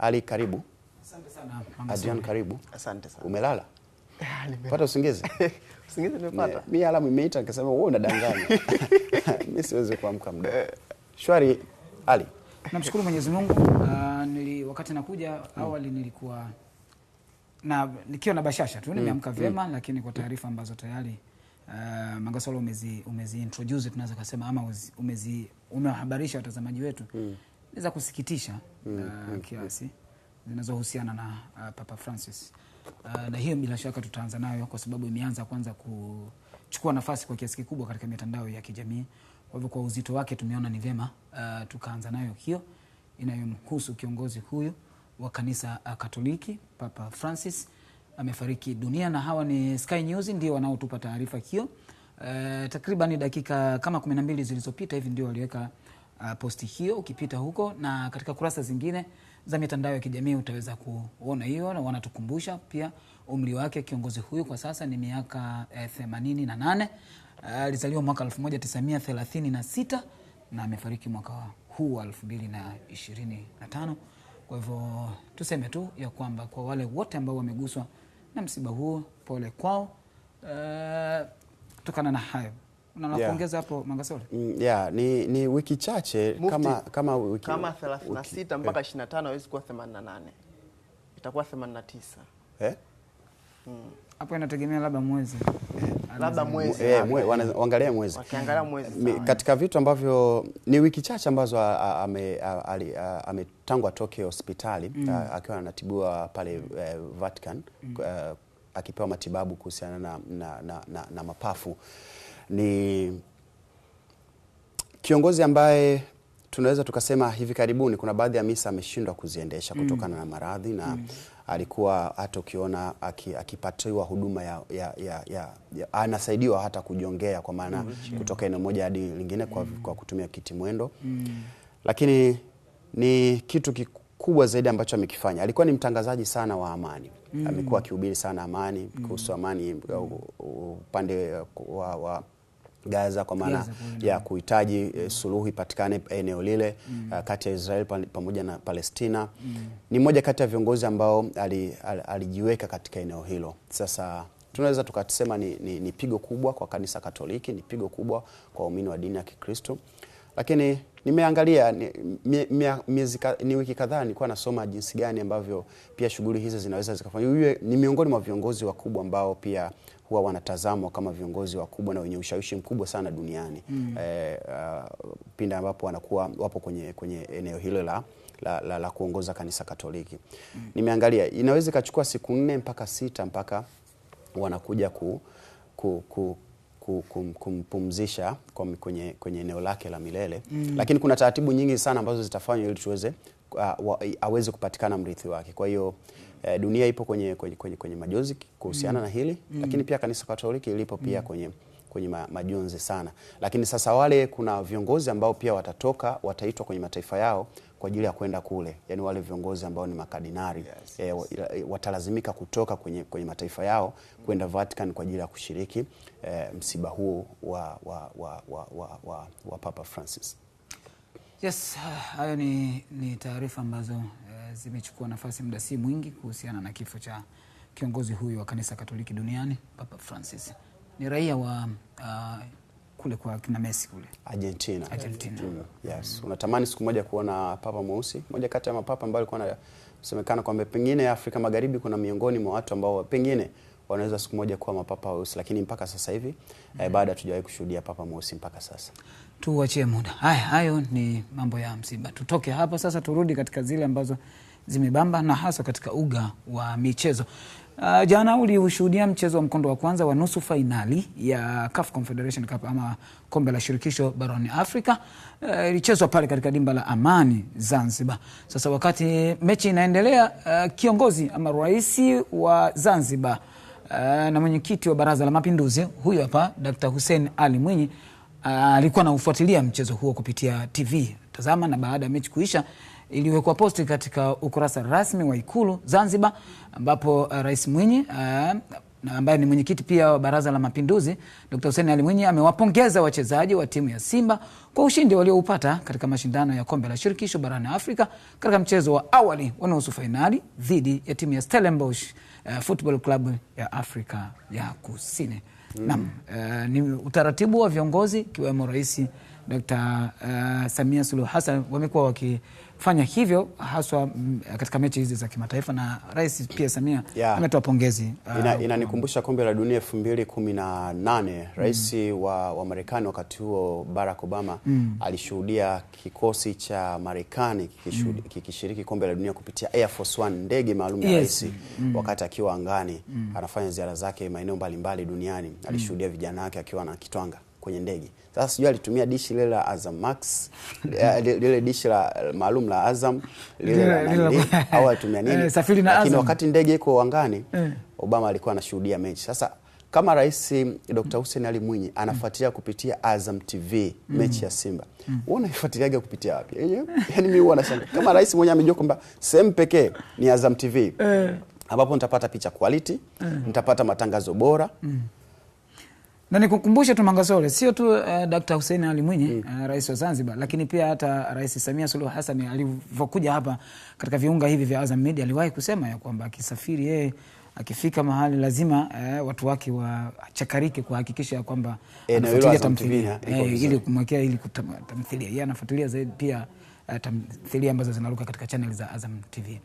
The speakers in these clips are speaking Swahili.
Ali, karibu. Asante sana. Adrian, karibu. Asante sana. Umelala? Ah, Pata usingizi? Usingizi nimepata. Mimi alamu imeita nikasema wewe unadanganya. Mimi siwezi kuamka muda. Shwari Ali. Namshukuru Mwenyezi Mungu. Uh, nili wakati nakuja awali hmm. nilikuwa na nikiwa na bashasha tu hmm. nimeamka mm. vyema mm. lakini kwa taarifa ambazo tayari uh, Mangasolo umezi, umezi introduce tunaweza kusema ama umezi umewahabarisha watazamaji wetu mm za kusikitisha mm, uh, kiasi mm, zinazohusiana na uh, Papa Francis uh, na hiyo bila shaka tutaanza nayo kwa sababu imeanza kwanza kuchukua nafasi kwa kiasi kikubwa katika mitandao ya kijamii. Kwa hivyo kwa uzito wake tumeona ni vyema uh, tukaanza nayo hiyo inayomhusu kiongozi huyu wa kanisa Katoliki Papa Francis amefariki dunia, na hawa ni Sky News ndio wanaotupa taarifa hiyo. Uh, takriban dakika kama 12 zilizopita hivi ndio waliweka uh, posti hiyo ukipita huko na katika kurasa zingine za mitandao ya kijamii utaweza kuona hiyo, na wanatukumbusha pia umri wake kiongozi huyu kwa sasa ni miaka eh, themanini na nane. Uh, alizaliwa uh, mwaka 1936 na amefariki mwaka huu wa 2025. Kwa hivyo tuseme tu ya kwamba kwa wale wote ambao wameguswa na msiba huo, pole kwao. Uh, kutokana na hayo na la kuongeza hapo yeah. Mangasole mm, yeah, ni, ni wiki chache Mufti, kama kama wiki kama 36 eh. mpaka 25 hawezi kuwa 88 itakuwa 89 eh Mm. hapo Inategemea labda mwezi eh, labda mwezi eh, mwe, waangalia mwezi wakiangalia mwezi Mi, katika vitu ambavyo ni wiki chache ambazo ametangwa ame toke hospitali mm. akiwa anatibiwa pale uh, Vatican mm. uh, akipewa matibabu kuhusiana na, na, na, na, na mapafu ni kiongozi ambaye tunaweza tukasema hivi karibuni kuna baadhi ya misa ameshindwa kuziendesha mm. kutokana mm. na maradhi na mm. alikuwa hata ukiona akipatiwa huduma ya, ya, ya, ya, ya, anasaidiwa hata kujongea kwa maana mm. kutoka eneo moja hadi lingine kwa, mm. kwa kutumia kiti mwendo mm. lakini ni kitu kikubwa zaidi ambacho amekifanya. Alikuwa ni mtangazaji sana wa amani mm. amekuwa akihubiri sana amani kuhusu mm. amani mm. Uh, upande wa, wa, wa Gaza kwa maana ya kuhitaji eh, mm. suluhu ipatikane eneo lile eh, mm. kati ya Israel pamoja na Palestina mm. Ni mmoja kati ya viongozi ambao alijiweka katika eneo hilo. Sasa tunaweza tukasema ni, ni, ni pigo kubwa kwa kanisa Katoliki, ni pigo kubwa kwa waumini wa dini ya Kikristo, lakini nimeangalia miezi ni, ni wiki kadhaa nilikuwa nasoma jinsi gani ambavyo pia shughuli hizi zinaweza zikafanywa. Ni miongoni mwa viongozi wakubwa ambao pia huwa wanatazamwa kama viongozi wakubwa na wenye ushawishi mkubwa sana duniani mm. E, uh, pinda ambapo wanakuwa wapo kwenye, kwenye eneo hilo la, la, la, la kuongoza kanisa Katoliki mm. Nimeangalia inaweza ikachukua siku nne mpaka sita mpaka wanakuja ku, ku, ku kumpumzisha kum, kwenye, kwenye eneo lake la milele mm. Lakini kuna taratibu nyingi sana ambazo zitafanywa ili tuweze uh, aweze kupatikana mrithi wake. Kwa hiyo eh, dunia ipo kwenye, kwenye, kwenye, kwenye majonzi kuhusiana mm. na hili mm. lakini pia kanisa Katoliki lipo pia mm. kwenye kwenye majonzi sana, lakini sasa wale kuna viongozi ambao pia watatoka wataitwa kwenye mataifa yao kwa ajili ya kwenda kule, yani wale viongozi ambao ni makadinari yes, yes. E, watalazimika kutoka kwenye, kwenye mataifa yao kwenda Vatican kwa ajili ya kushiriki e, msiba huo wa, wa, wa, wa, wa, wa, wa Papa Francis. Yes, hayo ni, ni taarifa ambazo zimechukua nafasi muda si mwingi kuhusiana na kifo cha kiongozi huyu wa kanisa Katoliki duniani Papa Francis. Ni raia wa uh, kule kwa kina Messi kule Argentina. Argentina. yes. Mm. Unatamani siku moja kuona papa mweusi, moja kati ya mapapa ambayo alikuwa anasemekana kwamba pengine Afrika Magharibi kuna miongoni mwa watu ambao pengine wanaweza siku moja kuwa mapapa weusi, lakini mpaka sasa hivi eh, mm. e, baada hatujawahi kushuhudia papa mweusi mpaka sasa. Tuwachie muda. Haya, hayo ni mambo ya msiba. Tutoke hapo sasa, turudi katika zile ambazo zimebamba na hasa katika uga wa michezo. Uh, jana uliushuhudia mchezo wa mkondo wa kwanza wa nusu fainali ya CAF Confederation Cup ama kombe la shirikisho barani Afrika eh, ilichezwa uh, pale katika dimba la Amani Zanzibar. Sasa wakati mechi inaendelea, uh, kiongozi ama rais wa Zanzibar uh, na mwenyekiti wa Baraza la Mapinduzi huyu hapa Dr. Hussein Ali Mwinyi eh, alikuwa uh, anaufuatilia mchezo huo kupitia TV. Tazama, na baada ya mechi kuisha iliwekwa posti katika ukurasa rasmi wa Ikulu Zanzibar ambapo uh, Rais Mwinyi uh, na ambaye ni mwenyekiti pia wa Baraza la Mapinduzi, Dkt. Hussein Ali Mwinyi amewapongeza wachezaji wa timu ya Simba kwa ushindi walioupata katika mashindano ya Kombe la Shirikisho barani Afrika katika mchezo wa awali wa nusu fainali dhidi ya timu ya Stellenbosch uh, Football Club ya Afrika ya Kusini. Mm. Naam, uh, ni utaratibu wa viongozi ikiwemo Rais Dkt. uh, eh, Samia Suluhu Hassan wamekuwa waki kufanya hivyo haswa mm, katika mechi hizi za kimataifa, na Rais pia Samia yeah, ametoa pongezi uh, inanikumbusha ina kombe la dunia elfu mbili kumi na nane rais mm, wa, wa Marekani wakati huo Barack Obama mm, alishuhudia kikosi cha Marekani mm. kikishiriki mm, kombe la dunia kupitia Air Force One, ndege maalum ya yes, rais mm, wakati akiwa angani mm, anafanya ziara zake maeneo mbalimbali duniani, mm. alishuhudia mm, vijana wake akiwa na kitwanga kwenye ndege. Sasa sijui alitumia dishi lile la Azam Max, eh, lile dishi la maalum la Azam lile la au alitumia nini? Eh, safiri na Azam. wakati ndege iko angani, eh. Obama alikuwa anashuhudia mechi. Sasa kama Rais Dr. Hussein Ali Mwinyi anafuatilia kupitia Azam TV mm. mechi ya Simba mm. wewe unaifuatiliaje kupitia wapi? Yaani mimi huwa nashangaa kama rais mwenyewe amejua kwamba sehemu pekee ni Azam TV ambapo nitapata picha quality, nitapata matangazo bora mm na nikukumbushe tu Mangasole, sio tu uh, eh, Dkt. Hussein Ali Mwinyi mm. uh, rais wa Zanzibar, lakini pia hata Rais Samia Suluhu Hassan alivyokuja hapa katika viunga hivi vya Azam Media aliwahi kusema ya kwamba akisafiri yeye akifika mahali lazima eh, watu wake wachakarike kuhakikisha ya kwamba eh, anafuatilia tamthilia eh, ili kumwekea ili Yeye anafuatilia zaidi pia uh, tamthilia ambazo zinaruka katika chaneli za Azam TV.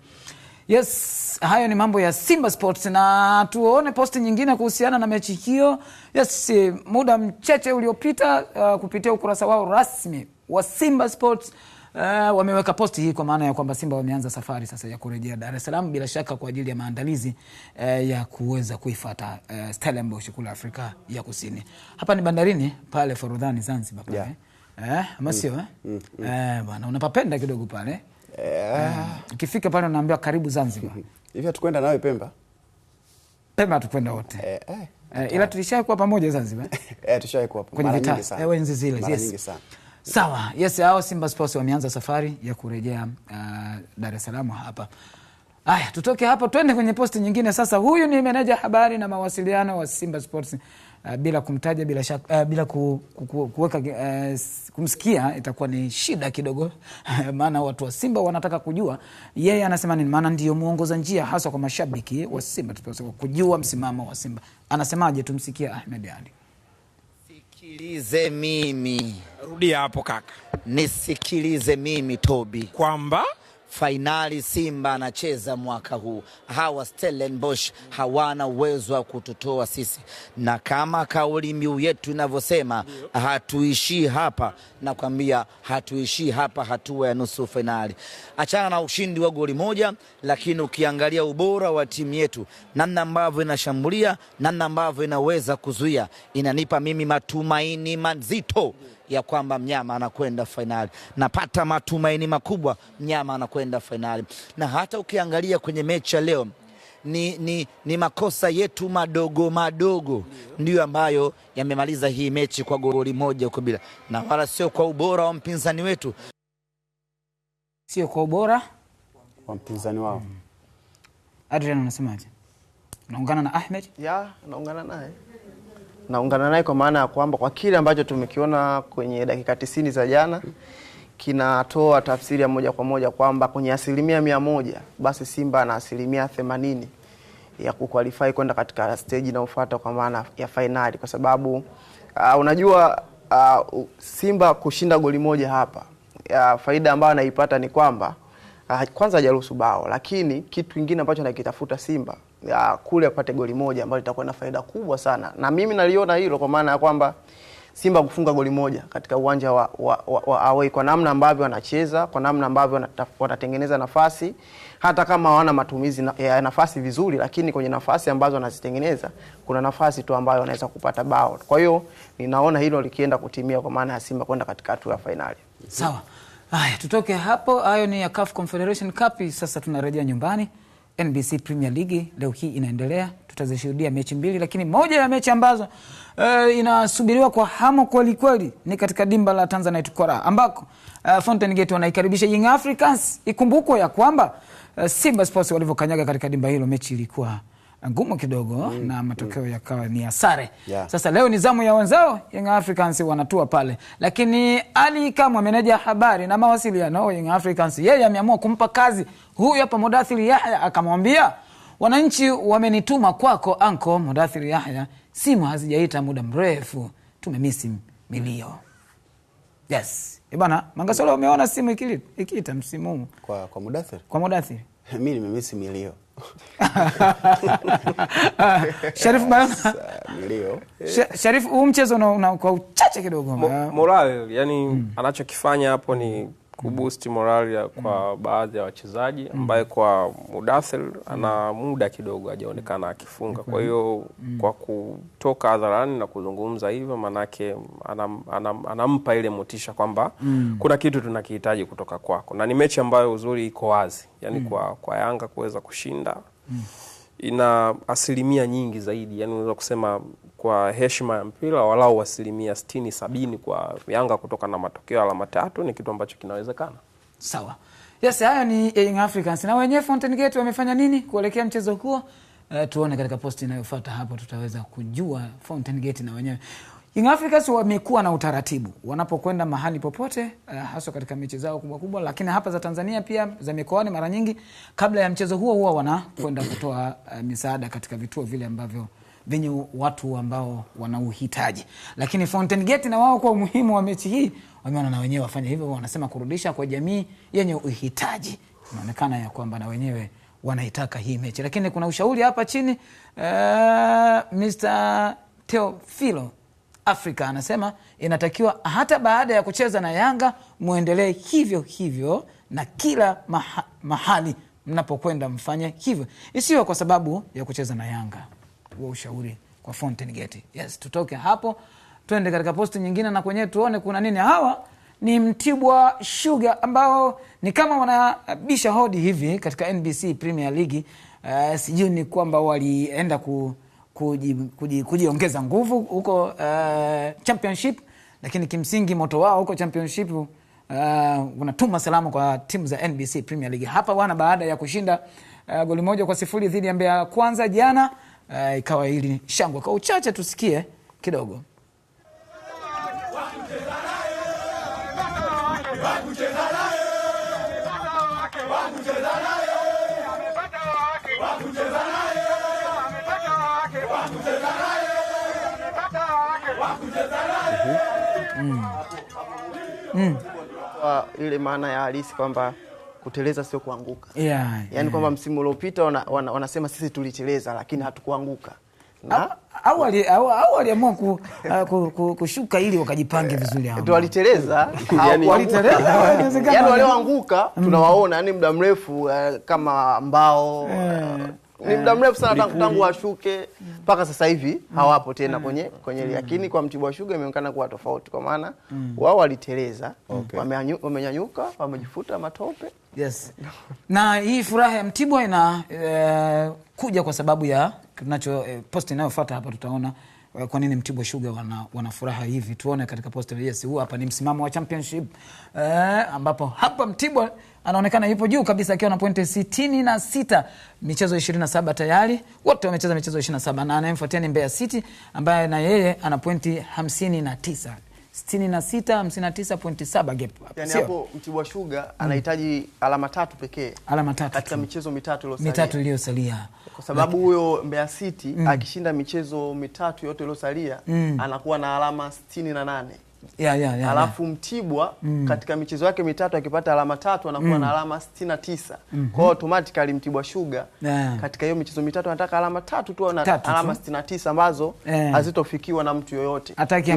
Yes, hayo ni mambo ya Simba Sports na tuone posti nyingine kuhusiana na mechi hiyo. Yes, muda mcheche uliopita uh, kupitia ukurasa wao rasmi wa Simba Sports uh, wameweka posti hii kwa maana ya kwamba Simba wameanza safari sasa ya kurejea Dar es Salaam bila shaka kwa ajili ya maandalizi uh, ya kuweza kuifuata uh, Stellenbosch kule Afrika ya Kusini. Hapa ni bandarini pale Forodhani Zanzibar pale. Yeah. Eh, masio mm, eh? Mm, mm, mm. Eh, bwana unapapenda kidogo pale. Ukifika eh, pale unaambiwa karibu Zanzibar. Hivi hatukwenda nawe Pemba? Pemba hatukwenda wote. Eh, eh. eh ila tulishawahi kuwa pamoja Zanzibar. Eh, tulishawahi kuwa pamoja. Kwenye vita. Eh, wenzi zile. yes. nyingi sana. Sawa, yes, hao Simba Sports wameanza safari ya kurejea uh, Dar es Salaam hapa. Aya, tutoke hapo twende kwenye posti nyingine sasa. Huyu ni meneja habari na mawasiliano wa Simba Sports uh, bila kumtaja bila shak, uh, eh, bila ku, ku, ku, kuweka uh, kumsikia itakuwa ni shida kidogo maana watu wa Simba wanataka kujua yeye anasema nini, maana ndio muongoza njia hasa kwa mashabiki wa Simba kujua msimamo wa Simba anasemaje. Tumsikie Ahmed Ali. Nisikilize mimi, rudia hapo kaka, nisikilize mimi Tobi, kwamba fainali Simba anacheza mwaka huu. Hawa Stellenbosch hawana uwezo wa kututoa sisi, na kama kauli mbiu yetu inavyosema, hatuishii hapa. Nakwambia hatuishii hapa, hatua ya nusu fainali. Achana na ushindi wa goli moja, lakini ukiangalia ubora wa timu yetu, namna ambavyo inashambulia, namna ambavyo inaweza kuzuia, inanipa mimi matumaini mazito ya kwamba mnyama anakwenda fainali. Napata matumaini makubwa mnyama anakwenda fainali, na hata ukiangalia kwenye mechi ya leo ni, ni, ni makosa yetu madogo madogo ndiyo ambayo yamemaliza hii mechi kwa goli moja huko bila, na wala sio kwa ubora wa mpinzani wetu, sio kwa ubora wa mpinzani wao. Hmm. Adrian, unasemaje? Naungana na Ahmed? Ya, naungana naye naungana naye kwa maana ya kwamba kwa kile ambacho tumekiona kwenye dakika tisini za jana kinatoa tafsiri ya moja kwa moja kwamba kwenye asilimia mia moja basi Simba ana asilimia themanini ya kukwalifai kwenda katika steji inayofuata kwa maana ya fainali, kwa sababu uh, unajua uh, Simba kushinda goli moja hapa uh, faida ambayo anaipata ni kwamba uh, kwanza hajaruhusu bao, lakini kitu kingine ambacho anakitafuta Simba ya kule apate goli moja ambayo itakuwa na faida kubwa sana, na mimi naliona hilo kwa maana ya kwamba Simba kufunga goli moja katika uwanja wa, wa, wa, wa away kwa namna ambavyo wanacheza, kwa namna ambavyo wanatengeneza nafasi, hata kama hawana matumizi na, ya nafasi vizuri, lakini kwenye nafasi ambazo wanazitengeneza kuna nafasi tu ambayo wanaweza kupata bao. Kwa hiyo ninaona hilo likienda kutimia kwa maana ya Simba kwenda katika hatua ya fainali. Sawa, haya tutoke hapo. Hayo ni ya CAF Confederation Cup. Sasa tunarejea nyumbani. NBC Premier League leo hii inaendelea, tutazishuhudia mechi mbili, lakini moja ya mechi ambazo uh, inasubiriwa kwa hamu kwelikweli ni katika dimba la Tanzanite Kora ambako uh, Fountain Gate wanaikaribisha Young Africans. Ikumbukwe ya kwamba uh, Simba Sports walivyokanyaga katika dimba hilo, mechi ilikuwa ngumu kidogo mm, na mm. matokeo mm, yakawa ni ya yeah. Sasa leo ni zamu ya wenzao Young Africans wanatua pale, lakini Ali Kamwe, meneja habari na mawasiliano wa Young Africans, yeye ameamua kumpa kazi huyu hapa Mudathiri Yahya, akamwambia wananchi wamenituma kwako anko Mudathiri Yahya, simu hazijaita muda mrefu, tumemisi milio yes. Eh, bana Mangasolo, umeona simu ikiita msimu kwa, kwa Mudathiri, kwa Mudathiri. mimi nimemisi milio Sharifu Baraka, Sharif huu mchezo kwa uchache kidogo, eh? Morale yani mm. anachokifanya hapo ni kuboost morali ya kwa mm. baadhi ya wachezaji mm. ambaye kwa Mudathir ana mm. muda kidogo hajaonekana akifunga. Kwa hiyo kwa kutoka hadharani na kuzungumza hivyo, manake anam, anam, anampa ile motisha kwamba mm. kuna kitu tunakihitaji kutoka kwako, na ni mechi ambayo uzuri iko wazi, yani mm. kwa, kwa Yanga kuweza kushinda mm ina asilimia nyingi zaidi, yani unaweza kusema kwa heshima ya mpira walau asilimia sitini sabini kwa Yanga kutoka na matokeo alama tatu ni kitu ambacho kinawezekana. Sawa, yes, hayo ni Young Africans na wenyewe Fountain Gate wamefanya nini kuelekea mchezo huo? Uh, tuone katika posti inayofuata hapo tutaweza kujua Fountain Gate na wenyewe Young Africans wamekuwa na utaratibu wanapokwenda mahali popote, uh, haswa katika mechi zao kubwa kubwa, lakini hapa za Tanzania pia za mikoani, mara nyingi kabla ya mchezo huo huwa wanakwenda kutoa uh, misaada katika vituo vile ambavyo vyenye watu ambao wanauhitaji. Lakini Fountain Gate na wao kwa umuhimu wa mechi hii wameona na wenyewe wafanye hivyo, wanasema kurudisha kwa jamii yenye uhitaji. Inaonekana ya kwamba na wenyewe wanaitaka hii mechi, lakini kuna ushauri hapa chini uh, eh, Mr. Teofilo Afrika. Anasema inatakiwa hata baada ya kucheza na Yanga mwendelee hivyo hivyo, na kila maha, mahali mnapokwenda mfanye hivyo, isiyo kwa sababu ya kucheza na Yanga. Huo ushauri kwa fontengeti Yes, tutoke hapo tuende katika posti nyingine na kwenyewe tuone kuna nini. Hawa ni Mtibwa shuga ambao ni kama wanabisha hodi hivi katika NBC Premier League. Uh, sijui ni kwamba walienda ku kujiongeza kuji, kuji nguvu huko uh, championship, lakini kimsingi moto wao huko championship uh, unatuma salamu kwa timu za NBC Premier League hapa bwana, baada ya kushinda uh, goli moja kwa sifuri dhidi ya Mbeya Kwanza jana, uh, ikawa hili shangwe kwa uchache, tusikie kidogo. mm. mm. Kwa ile maana ya halisi kwamba kuteleza sio kuanguka yeah, yaani yeah. kwamba msimu uliopita wanasema wana, wana sisi tuliteleza lakini hatukuanguka au waliamua ku, uh, ku, ku, kushuka ili wakajipange vizuri hapo. Eh, Waliteleza, Yaani, yaani walioanguka tunawaona, yani muda mrefu uh, kama mbao eh. uh, ni muda eh, mrefu sana tangu washuke mpaka sasa hivi mm. hawapo tena kwenye mm. kwenye, mm. lakini kwa Mtibwa Sugar imeonekana kuwa tofauti, kwa maana wao waliteleza, wamenyanyuka, wamejifuta matope. Yes. Na hii furaha ya Mtibwa ina e, kuja kwa sababu ya tunacho e, post inayofuata hapa tutaona kwa nini Mtibwa Sugar wana, wana furaha hivi, tuone katika post. Yes, huu hapa ni msimamo wa championship e, ambapo hapa Mtibwa anaonekana yupo juu kabisa akiwa na pointi sitini na sita michezo saba tayari, wote wamecheza michezo 27 na anayemfuatia ni Mbeya City ambaye na yeye ana pointi hamsini na tisa sitini na sita hamsini na tisa pointi saba gap Yani hapo Mtibwa Sugar anahitaji alama tatu pekee, alama tatu katika michezo mitatu iliyosalia, mitatu iliyosalia, kwa sababu huyo Mbeya City mm. akishinda michezo mitatu yote iliyosalia mm. anakuwa na alama sitini na nane yeah, yeah, yeah, alafu yeah. Mtibwa mm. katika michezo yake mitatu akipata alama tatu anakuwa mm. na alama 69 mm -hmm. Kwa hiyo automatically Mtibwa Sugar yeah. katika hiyo michezo mitatu anataka alama tatu tu na tatu, alama 69 na tisa ambazo yeah. hazitofikiwa na mtu yoyote. hataki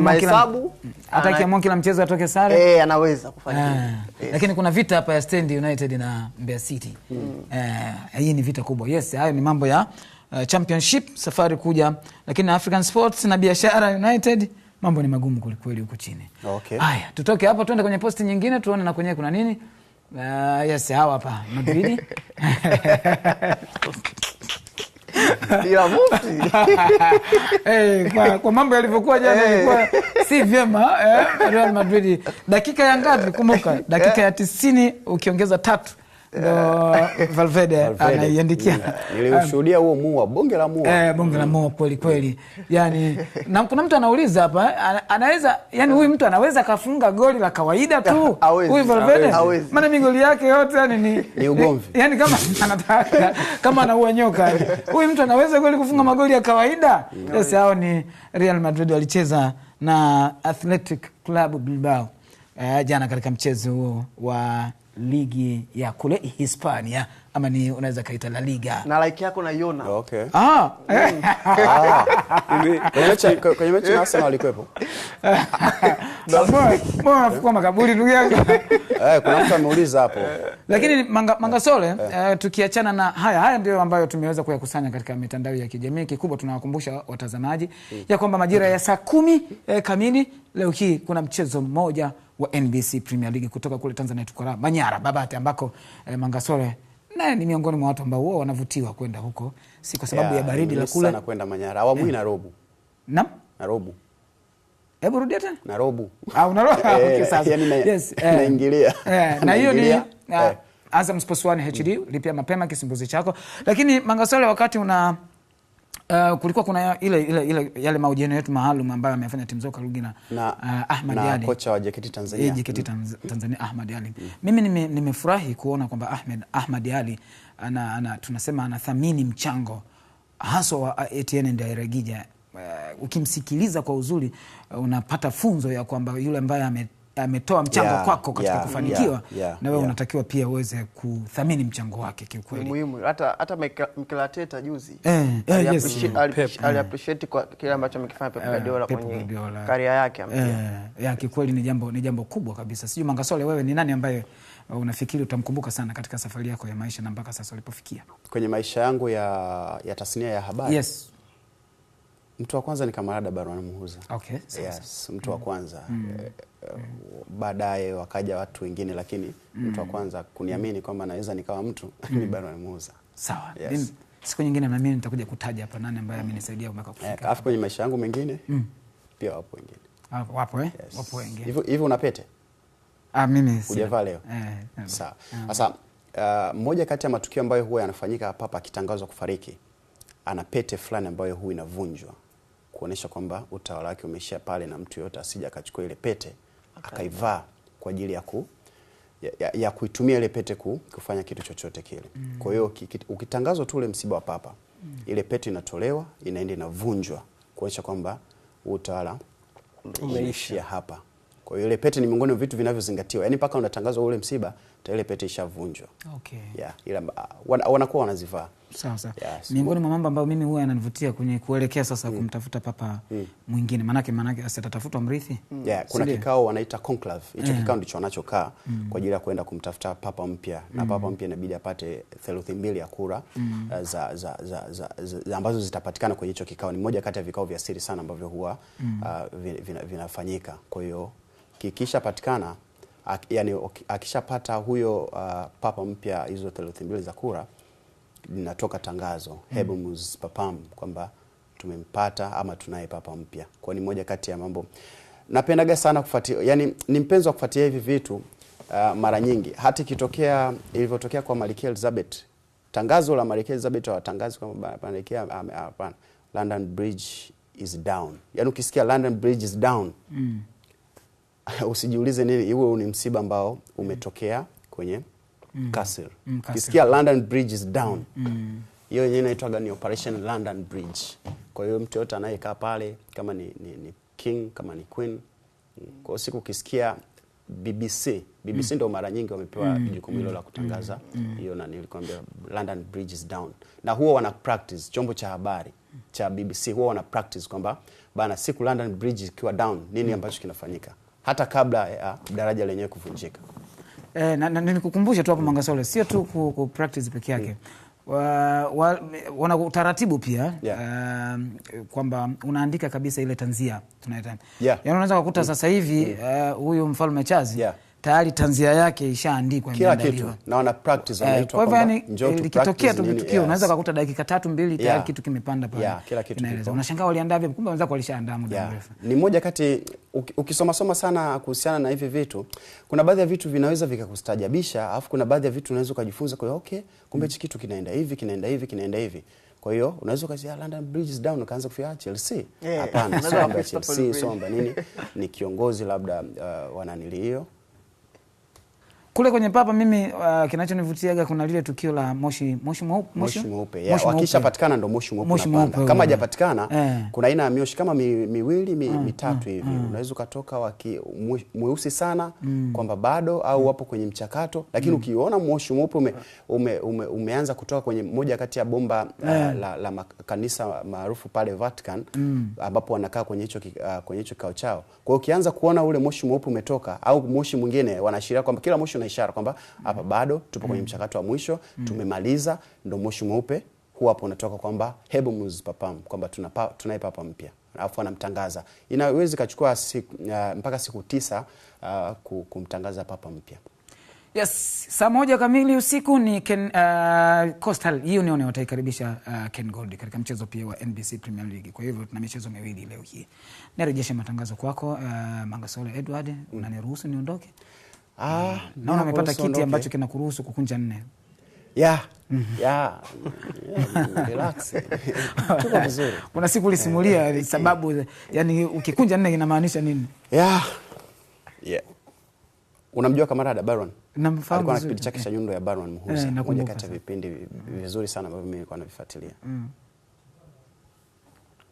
atakiamua kila mchezo atoke sare eh, anaweza kufanya yeah. yes. Lakini kuna vita hapa ya Stand United na Mbeya City mm. eh, hii ni vita kubwa. Yes, hayo ni mambo ya uh, championship safari kuja, lakini African Sports na Biashara United mambo ni magumu kwelikweli huku chini. Okay. tutoke hapo tuende kwenye posti nyingine tuone na kwenyewe kuna nini. Uh, yes, hawa hapa Madridi hey, eh, kwa, kwa mambo yalivyokuwa jana eh. ilikuwa si vyema eh, Real madridi dakika ya ngapi? Kumbuka dakika ya tisini ukiongeza tatu ndo eh, Valverde anaiandikia. Niliushuhudia huo mua, bonge la mua, eh, bonge la mm. mua kweli kweli. Yani na kuna mtu anauliza hapa, eh, anaweza yani, huyu mtu anaweza kafunga goli la kawaida tu huyu Valverde? Maana migoli yake yote yani ni ni ugomvi, yani kama anataka kama anaua nyoka. Huyu mtu anaweza kufunga magoli ya kawaida? Yes, mm. hao ni Real Madrid walicheza na Athletic Club Bilbao eh, jana katika mchezo huo wa ligi ya kule Hispania ama ni unaweza kaita La Liga na like yako naiona. Okay. Ah. Mm. ah. Kwenye mechi na eh. Arsenal alikuwepo. Mbona unafukua makaburi ndugu yangu? Eh, kuna mtu ameuliza hapo. Lakini eh. manga, Mangasole uh, tukiachana na haya haya ndio ambayo tumeweza kuyakusanya katika mitandao ya kijamii. Kikubwa tunawakumbusha watazamaji hmm. ya kwamba majira ya saa kumi eh, kamili leo hii kuna mchezo mmoja wa NBC Premier League kutoka kule Tanzania. Tuko Manyara Babati ambako eh, Mangasore naye ni miongoni mwa watu ambao wao wanavutiwa kwenda huko, si kwa sababu yeah, ya baridi la kule sana kwenda Manyara awamu hii eh. Narobu naam, Narobu hebu rudia tena Narobu au ah, Narobu ah, eh, okay, sasa yani na, yes, eh, naingilia eh, na hiyo ni ah, eh, Azam Sports 1 HD mm. Lipia mapema kisimbuzi chako, lakini Mangasole wakati una Eh, kulikuwa kuna ile, ile, ile, yale mahojiano yetu maalum ambayo amefanya Timzoo Karugi na, na uh, Ahmad Ali kocha wa JKT Tanzania, eh, JKT mm. Tanzania Ahmad Ali mm. Mimi nimefurahi kuona kwamba Ahmed, Ahmad Ali ana, ana, tunasema anathamini mchango haswa wa Etienne Ndayiragija. Uh, ukimsikiliza kwa uzuri uh, unapata funzo ya kwamba yule ambaye ame ametoa mchango yeah, kwako katika yeah, kufanikiwa yeah, yeah, na wewe yeah. Unatakiwa pia uweze kuthamini mchango wake kiukweli, muhimu. Hata hata Mikel Arteta juzi eh, eh, ali appreciate kwa mm. kile ambacho amekifanya Pep eh, Guardiola kwenye karia yake ya kikweli. Ni jambo ni jambo kubwa kabisa. Sijui Mangasole, wewe ni nani ambaye uh, unafikiri utamkumbuka sana katika safari yako ya maisha na mpaka sasa ulipofikia? Kwenye maisha yangu ya, ya tasnia ya habari yes. Mtu wa kwanza ni Kamarada Barwan Muhuza. Okay, so yes, mtu wa mm. kwanza mm. eh, eh, mm. baadaye wakaja watu wengine lakini mm. mtu wa mm. kwanza kuniamini kwamba naweza nikawa mtu mm. ni Barwan Muhuza. Sawa. Yes. Then, siku nyingine na mimi nitakuja kutaja hapa nani ambaye amenisaidia mpaka eh, kufika. Eh, alafu kwenye maisha yangu mengine mm. pia wapo wengine. Wapo, ah, wapo eh? Yes. Wapo wengine. Hivi hivi una pete? Ah, mimi sina. Hujavaa leo? Eh. eh. Sawa. Ah. Sasa uh, mmoja kati ya matukio ambayo huwa yanafanyika hapa akitangazwa kufariki ana pete fulani ambayo huwa inavunjwa kuonesha kwamba utawala wake umeishia pale na mtu yoyote asije akachukua ile pete okay, akaivaa kwa ajili ya, ku, ya, ya, ya kuitumia ile pete ku, kufanya kitu chochote kile mm. Kwa hiyo ukitangazwa tu ule msiba wa papa mm. ile pete inatolewa inaenda inavunjwa kuonesha kwamba utawala umeishia hapa. Kwa hiyo ile pete ni miongoni mwa vitu vinavyozingatiwa. Yaani mpaka unatangazwa ule msiba, ta ile pete ishavunjwa. Okay. Yeah, ila uh, wanakuwa wana wanazivaa. Sasa. Yes. Miongoni mwa mambo ambayo mimi huwa yananivutia kwenye kuelekea sasa mm. kumtafuta papa mm. mwingine. Manake manake asitatafutwa mrithi. Mm. Yeah, kuna Sile? kikao wanaita conclave. Hicho yeah. kikao ndicho wanachokaa mm. kwa ajili ya kwenda kumtafuta papa mpya. Na mm. papa mpya inabidi apate theluthi mbili ya kura mm. Uh, za, za, za, za, za, za, ambazo zitapatikana kwenye hicho kikao. Ni moja kati ya vikao vya siri sana ambavyo huwa mm. uh, vinafanyika. Vina, vina kwa hiyo kikishapatikana ak, yani, akishapata huyo uh, papa mpya hizo theluthi mbili za kura linatoka tangazo mm. Habemus Papam kwamba tumempata ama tunaye papa mpya. Kwa ni moja kati ya mambo napendaga sana kufuatia, yani ni mpenzi wa kufuatia hivi vitu uh, mara nyingi hata ikitokea ilivyotokea kwa Malkia Elizabeth, tangazo la Malkia Elizabeth watangazi kwamba Malkia hapana, London Bridge is down. Yani ukisikia London Bridge is down mm. usijiulize nini, huo ni msiba ambao umetokea kwenye mm. castle. Mm, Kisikia London Bridge is down. Mm. Hiyo yenyewe inaitwaga ni Operation London Bridge. Kwa hiyo mtu yote anayekaa pale kama ni, ni, ni king kama ni queen. Kwa hiyo siku ukisikia BBC BBC mm. ndo mara nyingi wamepewa mm. jukumu mm. hilo la mm. kutangaza mm. hiyo mm. nani nilikwambia London Bridge is down, na huwa wana practice chombo cha habari cha BBC huwa wana practice kwamba bana, siku London Bridge ikiwa down nini ambacho kinafanyika hata kabla ya daraja lenyewe kuvunjika. E, na, na nikukumbushe tu hapo Mangasole, sio tu ku, ku practice peke yake mm. wa, wana utaratibu pia yeah. uh, kwamba unaandika kabisa ile tanzia tunaita yeah. Yaani unaweza kukuta mm. sasa hivi hmm. uh, huyu uh, mfalme Chazi yeah tayari tanzia yake ishaandikwa, kila eh, likitokea tu tukio, unaweza kakuta dakika tatu mbili yeah. tayari kitu kimepanda pale, kila waliandaa vipi, kumbe wenzako walishaandaa muda mrefu. Ni moja kati, ukisomasoma sana kuhusiana na hivi vitu, kuna baadhi ya vitu vinaweza vikakustajabisha, alafu kuna baadhi ya vitu unaweza ukajifunza, kwa okay, kumbe hichi kitu kinaenda hivi kinaenda hivi kinaenda hivi kwa hiyo unaweza ukazia London Bridge down ukaanza kufikiria ah, Chelsea. Hapana, yeah. Somba Chelsea, Somba nini? Ni kiongozi labda uh, wananili hiyo kule kwenye Papa mimi uh, kinachonivutiaga kuna lile tukio la moshi moshi mweupe moshi mweupe yeah. Wakishapatikana ndo moshi mweupe moshi mweupe, kama hajapatikana yeah. Kuna aina ya mioshi kama mi, miwili mi, yeah. Mm, mitatu mm, hivi yeah. Mm. unaweza ukatoka waki mweusi sana mm, kwamba bado au wapo kwenye mchakato, lakini mm, ukiona moshi mweupe ume, ume, ume, umeanza kutoka kwenye moja kati ya bomba yeah. uh, eh. la, la makanisa maarufu pale Vatican mm, ambapo wanakaa kwenye hicho uh, kwenye hicho kikao chao. Kwa hiyo ukianza kuona ule moshi mweupe umetoka au moshi mwingine, wanaashiria kwamba kila moshi una ishara kwamba hapa bado tupo kwenye mm. mchakato wa mwisho, mm. tumemaliza, ndo moshi mweupe huwa hapo unatoka kwamba hebu muzipapam kwamba tunaye papa mpya alafu anamtangaza. Inaweza ikachukua siku, uh, mpaka siku tisa uh, kumtangaza papa mpya. Yes, saa moja kamili usiku ni Ken, uh, Coastal Union wataikaribisha uh, Ken Gold katika mchezo pia wa NBC Premier League. Kwa hivyo tuna michezo miwili leo hii. Nirejeshe matangazo kwako, uh, Mangasole Edward, unaniruhusu mm. niondoke? Ah, mm. naona amepata kiti ambacho kuruhusu kukunja nne. Yeah. Mm Yeah. relax. Tuko vizuri. Kuna siku ulisimulia eh. sababu yani ukikunja nne inamaanisha nini? Yeah. Yeah. Unamjua Kamarada Baron? Namfahamu vizuri. kipindi chake cha eh. Nyundo ya Baron Mhuza. Yeah, Moja kati ya vipindi vizuri sana ambavyo mimi nilikuwa navifuatilia. Mm.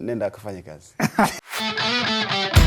Nenda akafanye kazi.